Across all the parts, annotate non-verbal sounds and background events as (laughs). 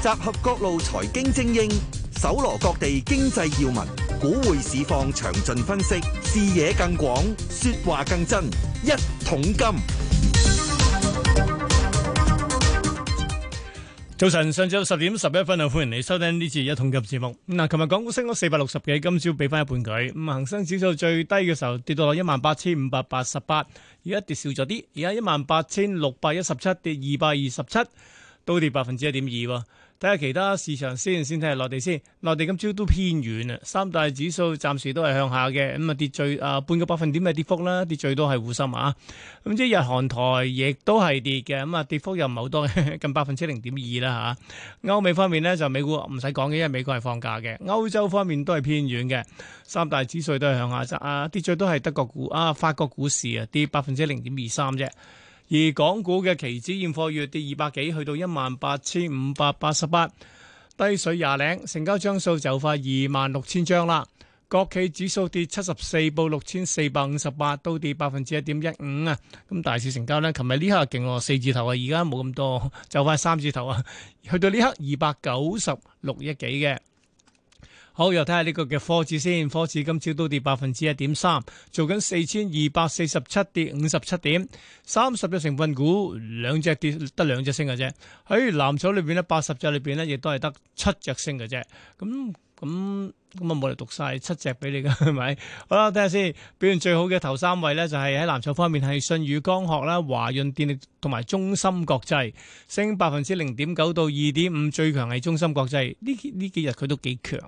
集合各路財經精英，搜羅各地經濟要聞，股匯市況詳盡分析，視野更廣，說話更真。一桶金，早晨，上晝十點十一分啊！歡迎你收聽呢次一桶金節目。嗱，琴日港股升咗四百六十幾，今朝俾翻一半佢。咁恒生指數最低嘅時候跌到一萬八千五百八十八，而家跌少咗啲，而家一萬八千六百一十七跌二百二十七，都跌百分之一點二喎。睇下其他市場先，先睇下內地先。內地今朝都偏軟啊，三大指數暫時都係向下嘅，咁、嗯、啊跌最啊、呃、半個百分點嘅跌幅啦，跌最多係滬深啊。咁、嗯、即係日韓台亦都係跌嘅，咁、嗯、啊跌幅又唔係好多， (laughs) 近百分之零點二啦嚇。歐美方面呢，就美股唔使講嘅，因為美國係放假嘅。歐洲方面都係偏軟嘅，三大指數都係向下走啊，跌最多係德國股啊，法國股市啊跌百分之零點二三啫。而港股嘅期指現貨月跌二百幾，去到一萬八千五百八十八，低水廿零，成交張數就快二萬六千張啦。國企指數跌七十四，報六千四百五十八，都跌百分之一點一五啊。咁大市成交呢？琴日呢刻勁喎，四字頭啊，而家冇咁多，就快三字頭啊，去到呢刻二百九十六億幾嘅。好，又睇下呢個嘅科指先。科指今朝都跌百分之一點三，做緊四千二百四十七跌五十七點，三十隻成分股兩隻跌，得兩、哎、隻升嘅啫。喺藍籌裏邊咧，八十隻裏邊咧，亦都係得七隻升嘅啫。咁咁。咁啊冇嚟讀晒七隻俾你噶，係咪？好啦，睇下先。表現最好嘅頭三位呢，就係喺藍籌方面係信宇光學啦、華潤電力同埋中芯國際，升百分之零點九到二點五，最強係中芯國際，呢呢幾日佢都幾強。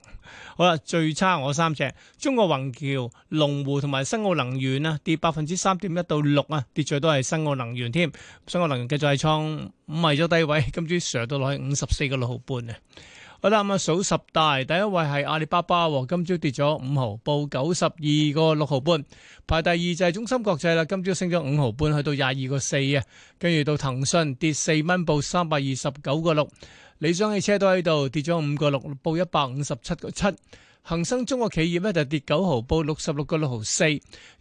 好啦，最差我三隻，中國宏橋、龍湖同埋新奧能源啊，跌百分之三點一到六啊，跌最多係新奧能源添。新奧能源繼續係創埋咗低位，今朝上到落去五十四個六毫半啊。好啦，咁啊數十大，第一位係阿里巴巴，今朝跌咗五毫，報九十二個六毫半。排第二就係中芯國際啦，今朝升咗五毫半，去到廿二個四啊。跟住到騰訊跌四蚊，報三百二十九個六。理想汽車都喺度跌咗五個六，報一百五十七個七。恒生中國企業咧就跌九毫，報六十六個六毫四。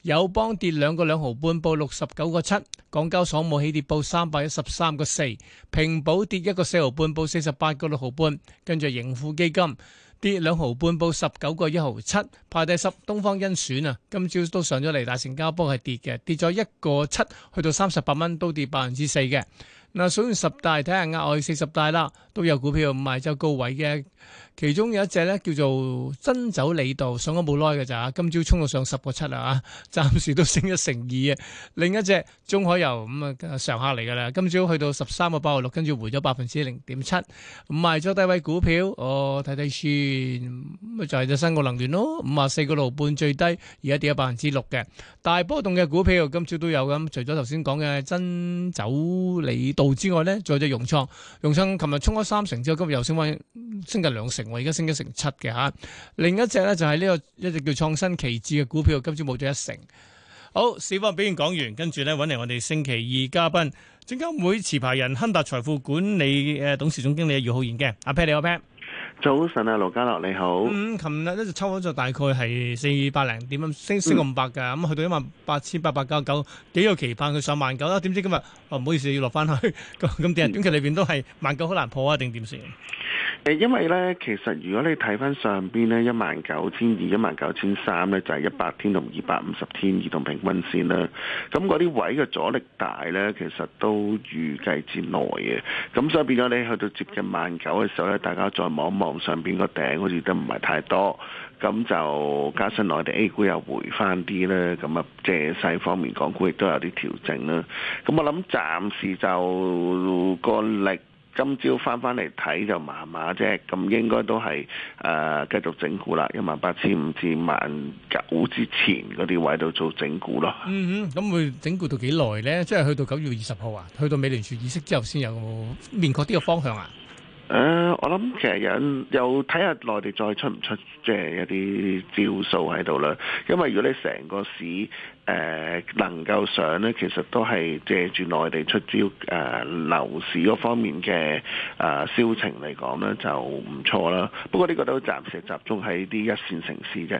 友邦跌兩個兩毫半，報六十九個七。港交所冇起跌，報三百一十三個四，平保跌一個四毫半，報四十八個六毫半，跟住盈富基金跌兩毫半，報十九個一毫七。排第十，東方甄選啊，今朝都上咗嚟，大成交波係跌嘅，跌咗一個七，去到三十八蚊，都跌百分之四嘅。嗱，數完十大，睇下額外四十大啦。都有股票賣，就高位嘅，其中有一隻咧叫做珍酒李渡，上咗冇耐嘅咋，今朝衝到上十個七啊，暫時都升咗成二嘅。另一隻中海油咁啊，咁上下嚟噶啦，今朝去到十三個八毫六，跟住回咗百分之零點七。賣咗低位股票，我睇睇先，咪就係隻新國能源咯，五啊四個六半最低，而家跌咗百分之六嘅。大波動嘅股票今朝都有咁，除咗頭先講嘅珍酒李渡之外咧，再隻融創，融創琴日衝三成之後，今日又升翻，升近兩成我而家升一成七嘅吓，另一隻咧就係呢、這個一隻叫創新奇智嘅股票，今朝冇咗一成。好，四方表現講完，跟住咧揾嚟我哋星期二嘉賓，證監會持牌人亨達財富管理誒董事總經理姚浩然嘅，阿 Peter，你好，阿 Peter 早晨啊，羅家樂你好。嗯，琴日咧就抽咗就大概係四百零點，升升個五百噶，咁、嗯嗯、去到一萬八千八百九十九，幾有期盼佢上萬九啦？點知今日哦唔好意思要落翻去。咁咁點啊？短期裏邊都係萬九好難破啊，定點先？因為呢，其實如果你睇翻上邊呢，一萬九千二、一萬九千三呢，就係一百天同二百五十天移動平均線啦。咁嗰啲位嘅阻力大呢，其實都預計之內嘅。咁所以變咗你去到接近萬九嘅時候呢，大家再望望上邊個頂，好似都唔係太多。咁就加上內地 A 股又回翻啲呢，咁啊，借勢方面，港股亦都有啲調整啦。咁我諗暫時就個力。今朝翻返嚟睇就麻麻啫，咁應該都係誒、呃、繼續整固啦，一萬八千五至萬九之前嗰啲位度做整固咯。嗯哼，咁會整固到幾耐呢？即係去到九月二十號啊，去到美聯儲議息之後先有個明確啲嘅方向啊？誒、呃，我諗其實有，睇下內地再出唔出即係一啲招數喺度啦。因為如果你成個市，誒能夠上呢，其實都係借住內地出招誒樓市嗰方面嘅誒銷情嚟講呢，就唔錯啦。不過呢個都暫時集中喺啲一線城市啫。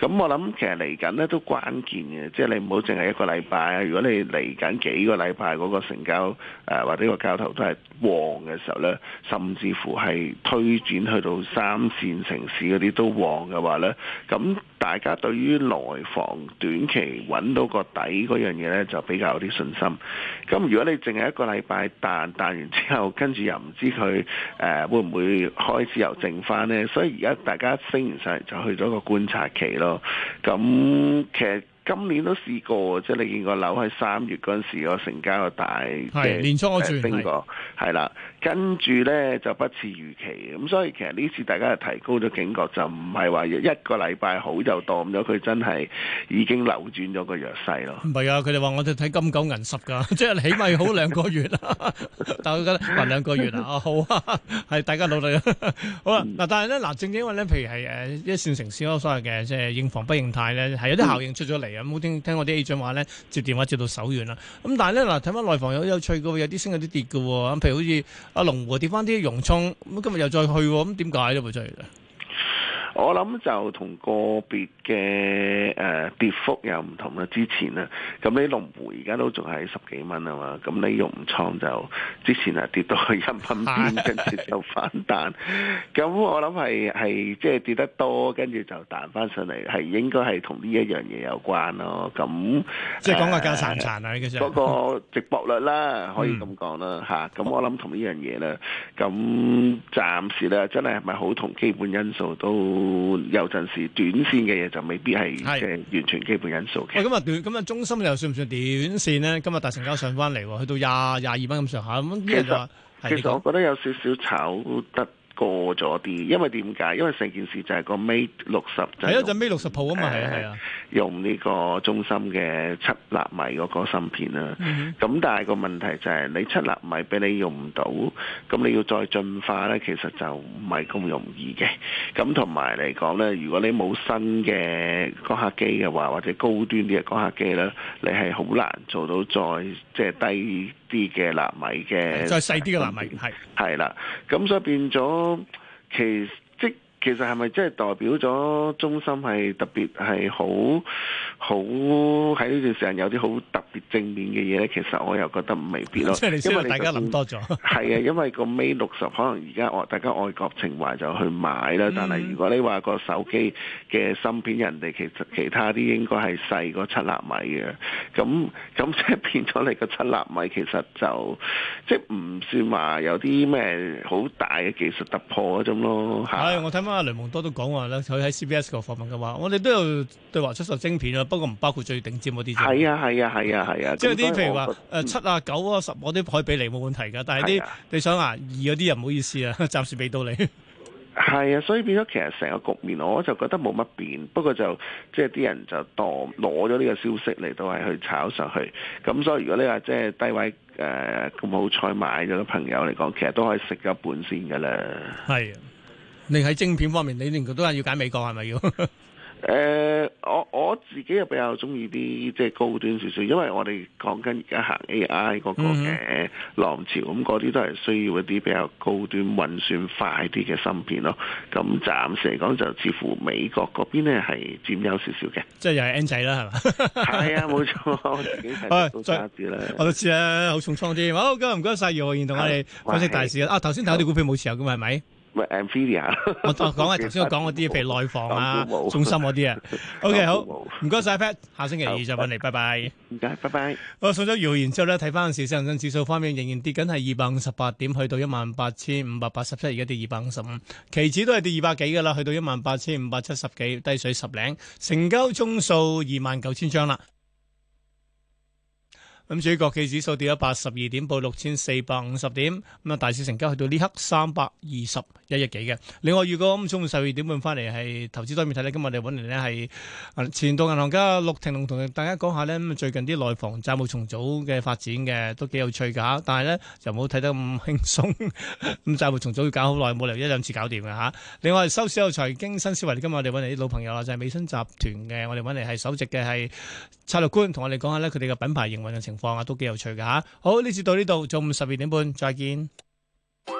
咁我諗其實嚟緊呢都關鍵嘅，即係你唔好淨係一個禮拜。如果你嚟緊幾個禮拜嗰個成交誒或者個交投都係旺嘅時候呢，甚至乎係推展去到三線城市嗰啲都旺嘅話呢，咁，大家對於內房短期揾到個底嗰樣嘢呢，就比較有啲信心。咁如果你淨係一個禮拜彈彈完之後，跟住又唔知佢誒、呃、會唔會開始又剩翻呢？所以而家大家升完晒就去咗個觀察期咯。咁其實今年都試過，即係你見個樓喺三月嗰陣時個成交又大，係年初我轉冰個，係啦，跟住咧就不似預期嘅，咁所以其實呢次大家係提高咗警覺，就唔係話一個禮拜好就當咗佢真係已經扭轉咗個弱勢咯。唔係啊，佢哋話我哋睇金九銀十㗎，即係起碼要好兩個月啦。但係我覺得還兩個月啊，啊好啊，係大家努力啦。好啦，嗱，但係咧嗱，正正因為咧，譬如係誒一線城市嗰個所謂嘅即係認房不認貸咧，係有啲效應出咗嚟啊。有冇、嗯、聽聽我啲 A 理話咧？接電話接到手軟啦。咁、嗯、但係咧，嗱睇翻內房有有趣嘅，有啲升有啲跌嘅。咁、嗯、譬如好似阿龍湖跌翻啲，融創咁今日又再去，咁點解咧？真係。我諗就同個別嘅，誒跌幅又唔同啦，之前啦，咁啲龍湖而家都仲係十幾蚊啊嘛，咁啲融創就之前啊跌到去一蚊邊，跟住就反彈，咁我諗係係即係跌得多，跟住就彈翻上嚟，係應該係同呢一樣嘢有關咯。咁即係講個膠殘殘啊，嗰個直播率啦，可以咁講啦嚇。咁我諗同呢樣嘢啦，咁暫時咧真係係咪好同基本因素都？嗯、有陣時短線嘅嘢就未必係即完全基本因素嘅。咁日短，今日中芯又算唔算短線咧？今日大成交上翻嚟，去到廿廿二蚊咁上下咁。其實是其實說我覺得有少少炒得過咗啲，因為點解？因為成件事就係個 Mate60，係一陣 Mate60 鋪啊嘛，係係、嗯、啊。用呢個中芯嘅七納米嗰個芯片啦，咁、mm hmm. 但係個問題就係、是、你七納米俾你用唔到，咁你要再進化呢，其實就唔係咁容易嘅。咁同埋嚟講呢，如果你冇新嘅光刻機嘅話，或者高端啲嘅光刻機呢，你係好難做到再即係低啲嘅納米嘅，再細啲嘅納米，係係啦。咁所以變咗其。其實，係咪即係代表咗中芯係特別係好？好喺呢段時間有啲好特別正面嘅嘢咧，其實我又覺得未必咯，即你 (laughs) 因為你大家諗多咗。係 (laughs) 啊，因為個 Mate 60可能而家愛大家愛國情懷就去買啦。嗯、但係如果你話個手機嘅芯片，人哋其實其他啲應該係細過七納米嘅。咁咁即係變咗你個七納米，其實就即係唔算話有啲咩好大嘅技術突破咁咯。係、哎，我睇翻阿雷蒙多都講話咧，佢喺 CBS 嗰度訪問嘅話，我哋都有對華出售晶片啊。不過唔包括最頂尖嗰啲啫。係啊係啊係啊係啊！即係啲譬如話誒七啊九啊十嗰啲我都可以俾你冇問題㗎，但係啲、啊、你想啊二嗰啲又唔好意思啊，暫時俾到你。係啊，所以變咗其實成個局面，我就覺得冇乜變。不過就即係啲人就當攞咗呢個消息嚟到係去炒上去。咁所以如果你話即係低位誒咁好彩買咗嘅朋友嚟講，其實都可以食咗一半先㗎啦。係、啊。你喺晶片方面，你連都係要揀美國係咪要？ (laughs) 誒、呃，我我自己又比較中意啲即係高端少少，因為我哋講緊而家行 A.I. 嗰、那個嘅、嗯哼呃、浪潮，咁嗰啲都係需要一啲比較高端運算快啲嘅芯片咯。咁暫時嚟講就似乎美國嗰邊咧係佔優少少嘅，即係又係 N 仔啦，係嘛？係 (laughs) 啊，冇錯，我自己睇都差啲啦、 (laughs) 哎。我都知啦，好重創啲。好，今日唔該晒姚浩然同我哋分析大市啦。啊，頭先睇我哋股票冇持有嘅，係咪？咪 a m p h i a 我我講啊，頭先我講嗰啲譬如內房啊、中心嗰啲啊，OK 好，唔該晒 Pat，下星期二再揾你，拜拜，唔該拜拜。我送咗謠言之後咧，睇翻市上證指數方面仍然跌緊，係二百五十八點，去到一萬八千五百八十七，而家跌二百五十五，期指都係跌二百幾噶啦，去到一萬八千五百七十幾，低水十零，成交宗數二萬九千張啦。咁至於國企指數跌咗八十二點，報六千四百五十點。咁、嗯、啊，大市成交去到呢刻三百二十一億幾嘅。另外，如果咁中午十二點半翻嚟，係投資多面睇呢。今日我哋揾嚟呢係前度銀行家陸庭龍同大家講下呢。咁最近啲內房債務重組嘅發展嘅都幾有趣㗎。但係呢就冇睇得咁輕鬆。咁、 (laughs) 嗯、債務重組要搞好耐，冇理由一兩次搞掂㗎嚇。另外，收市有財經新思維，今日我哋揾嚟啲老朋友啊，就係、是、美新集團嘅，我哋揾嚟係首席嘅係策略官，同我哋講下呢佢哋嘅品牌營運嘅情況。放啊，都幾有趣噶吓，好，呢次到呢度，中午十二點半，再見。